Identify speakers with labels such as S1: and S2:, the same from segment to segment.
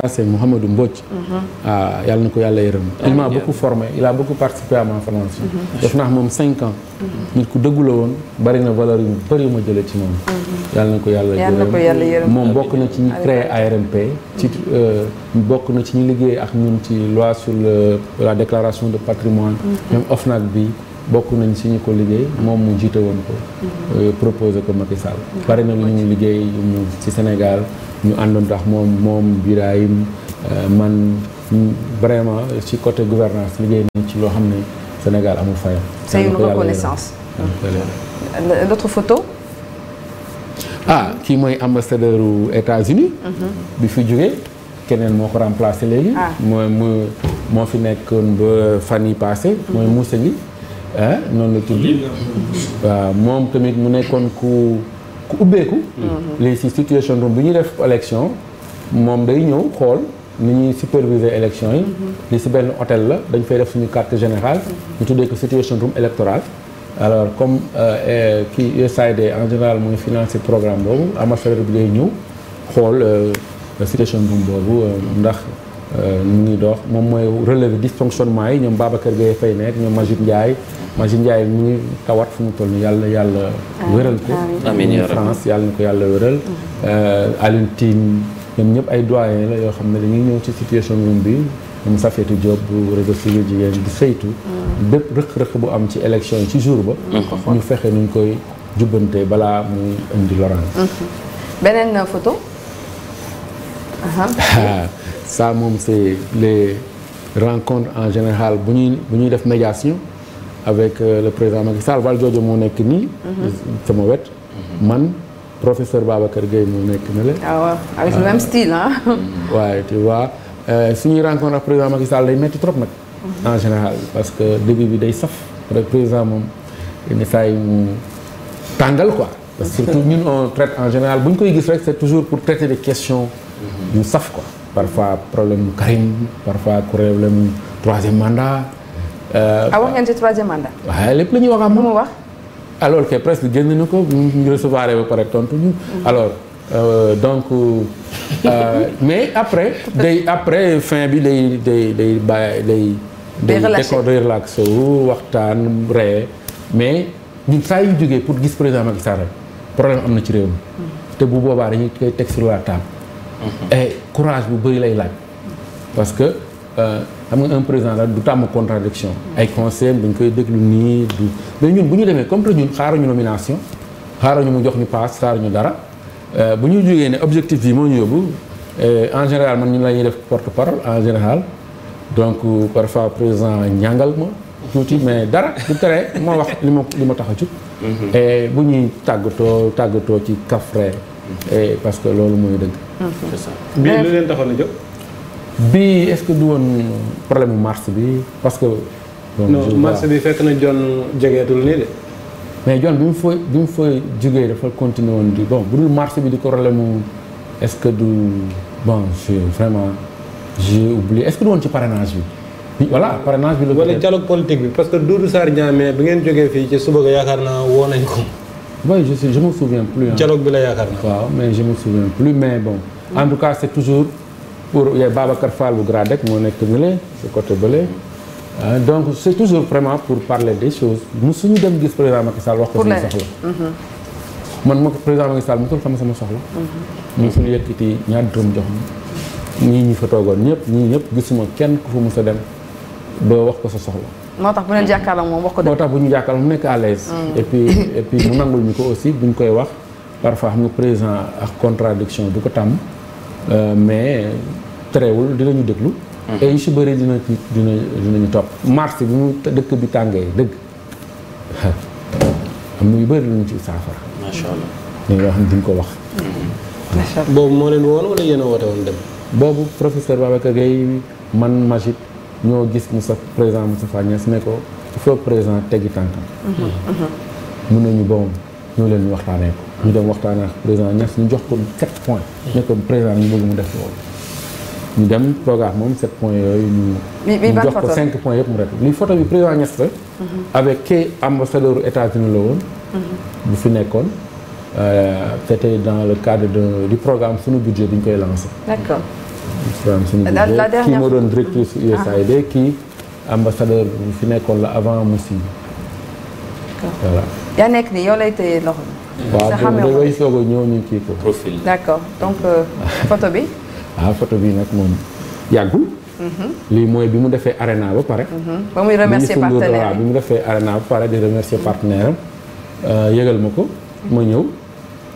S1: ça c'est Mouhamadou Mbodj. Mhm. ah yàlla na ko yàlla yërëm. il m'a beaucoup formé il a beaucoup participé à ma formation. Mhm. def naa moom cinq ans. Mhm. nit ku dëggu la woon bari na valeur yu bëri yu ma jëlee ci moom. yàlla na ko yàlla yërëm moom bokk na ci ñi créé ARMP. ci euh, bokk na ci ñi liggéey ak ñun ci loi sur la déclaration de patrimoine. même OFNAC bi. bokk nañ si ñu ko liggéey moom mu jiite woon ko. Euh, proposé ko Macky Sall. bari na lu ñu liggéey ci Sénégal. ñu àndoon tax moom moom Birahim euh, man vraiment ci côté gouvernance liggéey nañ ci loo xam ne Sénégal amul fayam. c'est une reconnaissance. l'autre photo. ah kii mooy ambassadeur u États-Unis mhm. bi fi jógee keneen moo ko remplacé léegi. Ah. mooy moo fi nekkoon ba fan yi passé. Mhm. mooy Moussa Ly ah, noonu la tudd. waaw moom tamit mu nekkoon ku. ku ubbeeku. Mhm. léegi si situation bi bu ñuy def élection moom day ñëw xool ni ñuy superviser élection yi. Mhm. lii si benn hôtel la dañ fay def suñu carte général mhm. ñu tuddee ko situation room électorale. alors comme euh, euh, kii USAID en général mooy financer programme boobu ambassadeur bi day ñëw xool euh, situation room boobu ndax. Euh, mu ngi dox moom mooy relevé dysfonctionnement yi ñoom Babacar Gueye fay nekk ñoom Majid Ndiaye Majid Ndiaye mu ngi tawat fu mu toll nii yàlla yàlla wéral ko amiin France yàlla na ko yàlla wéral euh, Alioune Tine ñoom ñëpp ay doyen la yoo xam ne dañuy ñëw ci situation ñoom bi ñoom Safetou Diop bu si civil jigéen di saytu mm. bépp rëq-rëq bu am ci élection yi ci jour ba mm. ñu fexe nuñ koy jubbante balaa muy indi lorange mm-hmm. beneen photo sa moom c'est les rencontres en général bu ñuy bu ñuy def médiation avec euh, le président Macky Sall wal joojo moo nekk nii. Mhm. sama wet mhm. man. professeur Babacar Gueye moo nekk na la. ah waaw avec le ah. même style ah. rencontre ak président Macky Sall day métti trop nag. Mhm. en général parce que début bi day saf. président moom yenn saa yi mu tàngal quoi. parce que surtout ñun on traite en général bu ñu koy gis rek c'est toujours pour traiter des questions. ñu saf quoi parfois problème Karim parfois problème troisième mandat. Euh, ah wax ngeen ci troisième mandat. waaw lépp la ñuy wax am. mu wax. alors que presque génn na ko ñu recevoir ba pare tontu ñu. Mm-hmm. alors euh, donc euh, mais après. day après fin bi day day day bàyyi day. day relaxé day relaxé wu waxtaan ree mais ñun saa yu jógee pour gis président Macky Sall problème am na ci réew mi. Mm-hmm. te bu boobaa dañuy koy teg sur la Mhm. courage bu bëri lay laaj parce que euh, xam nga un président la du tàmm contradiction ay conseil dañ koy déglu nii du mais ñun bu ñu demee comme te ñun xaaruñu nomination ñu mu jox ñu paas ñu dara euh, bu ñu jógee ne objectif yi moo ñu yóbbu euh, en général man ñun la ñuy def porte parole en général donc parfois président ñàngal ma tuuti mais dara du tere moo wax li ma li ma tax a jug. Mhm. bu ñuy tàggatoo tàggatoo ci kafre et eh, parce que loolu mooy dëgg. c'est ça bii lu leen taxoon a jóg. bii est-ce que du woon problème mu mars bi parce que. non mars bi fekk na jon jegeetul nii de. mais jon bi mu fa bi mu fa jógee dafa continuer woon di bon bu dul mars bi di problème mu est-ce que du bon je vraiment j'ai oublié est-ce que du woon ci parrainage bi. voilà parrainage bi la. wala dialogue bi parce que Doudou Sarr Niamé bi ngeen jógee fii ci suba ga yaakaar naa woo nañ ko. oui je sais je me bi la yaakaar naa. waaw mais je me souviens plus mais bon. en tout cas c' est toujours pour Babacar Fall bu Gradec moo nekk Mbélé c' est côté Mbélé. Euh, donc c' est toujours vraiment pour parler des choses mu suñu dem gis président Macky Sall wax ko mhm. sama soxla. man mhm. ma suñu Macky Sall mosul sama sama soxla. mosul yëkkati ñaar dërëm jox ma. ñii ñi fa toogoon ñëpp ñii ñëpp gisuma kenn ku fa mus a dem ba wax ko sa soxla. moo tax bu leen jàkkaarloo moom wax ko dëgg. moo tax bu ñu jàkkaarloo mu nekk à l'aise mm. et puis et puis ñu ko aussi bu ñu koy wax parfois xam nga président ak contradiction du ko tàmm euh, mais terewul dinañu déglu. Mm. et yu si bëri dina dina dinañu topp. mars bi mu dëkk bi tàngee dëgg am na yu bëri lu ñu ci saafara. macha allah li nga xam duñ ko wax. Mm. macha boobu moo leen woon wala yéen a woote woon dem. boobu professeur Babacar Gueye man Magid. ñoo gis ni sa président Moustapha Niass ne ko il faut président teggi tànkam mhm, mhm. mun nañu bon ñoo leen ñu waxtaanee ko ñu dem waxtaanee ak président Niass ñu jox ko sept points mm. ne ko président ñu bëgg mu def loolu ñu dem programme moom sept points yooyu ñu jox ko cinq point yëpp mu rek li foto bi président Niass la mhm. avec kay ambassadeur États-Unis la woon bu fi nekkoon euh, c'était dans le cadre de di programme sunu budget bi ñu koy lancé daal la dernière kii moo doon directrice USAID kii ambassadeur bu ci nekkoon la avant mu si. yaa nekk nii yow lay téye loxo
S2: bi. sa xamee waaw day
S1: soog ñëw ñu kii ko. donc euh, photo bi. ah photo bi nag moom yàggul. Mhm. lii mooy bi mu defee arena ba pare. Mhm. ba muy remercier partenaire bi mu defee arena ba pare di euh, yëgal ma ko. ma ñëw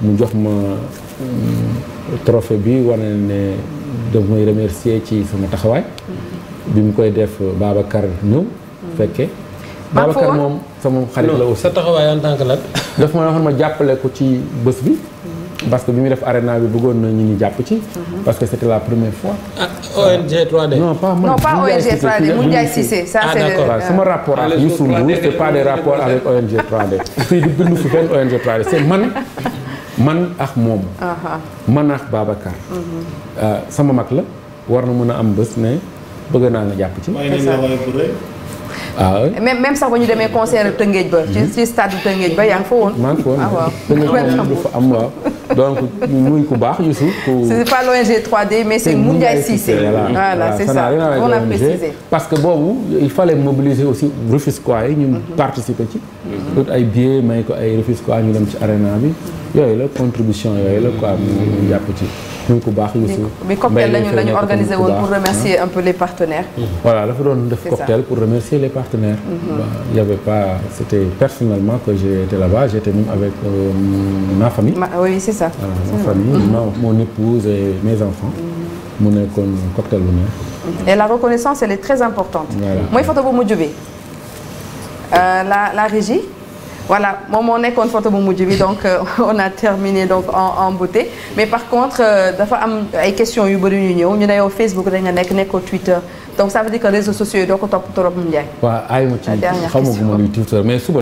S1: mu jox ma mm, trophée bi wane ne. donc may remercier ci sama taxawaay. bi mu koy def Babacar ñëw. fekkee Babacar moom sama xarit la aussi. sa taxawaay en tant que lan. daf ma waxoon ma jàppale ko ci bés bi. parce que bi mu def arena bi bëggoon na ñu ñu jàpp ci. Mhm. parce que c' était la première fois. ah ONG 3D. non pas man pas ONG 3D Moundiaye Cissé ça ah, euh, sama rapport ah, ak Youssou Ndour c' pas des rapports avec ONG 3D. fii man man ak moom. man ak Babacar. Mhm. Euh, sama mag la war na mën a am bés ne bëgg naa nga jàpp ci. waaw ah même même sax ba ñu demee concert Tëngéej ba. ci stade Tëngéej ba yaa ngi fa woon. maa ngi fa ah am waaw. donc muy ku baax Youssouf. c'est pas l'ONG 3 mais a précisé. que boobu il fallait aussi Rufisquois yi ñu mhm. participer ci. doot mhm. ay billets may ko ay Rufisquois ñu dem ci arena bi. yooyu la contribution yooyu la quoi mu jàpp ci muy ku baax Youssou bi cocktail lañu lañu organisé woon pour remercier un peu les partenaires mm-hmm. voilà dafa doon def cocktail pour remercier les partenaires mm-hmm. il y avait pas c'était personnellement que j'étais là-bas j'étais même avec euh, ma famille oui c'est ça ma famille mon épouse et mes enfants mm-hmm. mu nekkoon cocktail bu neex et la reconnaissance elle est très importante mooy photo bu mujj bi la la régie voilà moom moo nekkoon photo bu mujj bi donc euh, on a terminé donc en en mais par contre euh, dafa am ay questions yu bëri ñu ñëw ñu ne yow Facebook rek nga nekk nekkoo Twitter donc ça veut dire que réseaux sociaux yi doo ko topp trop Ndiaye. waaw ayuma ci xamaguma luy Twitter mais suba.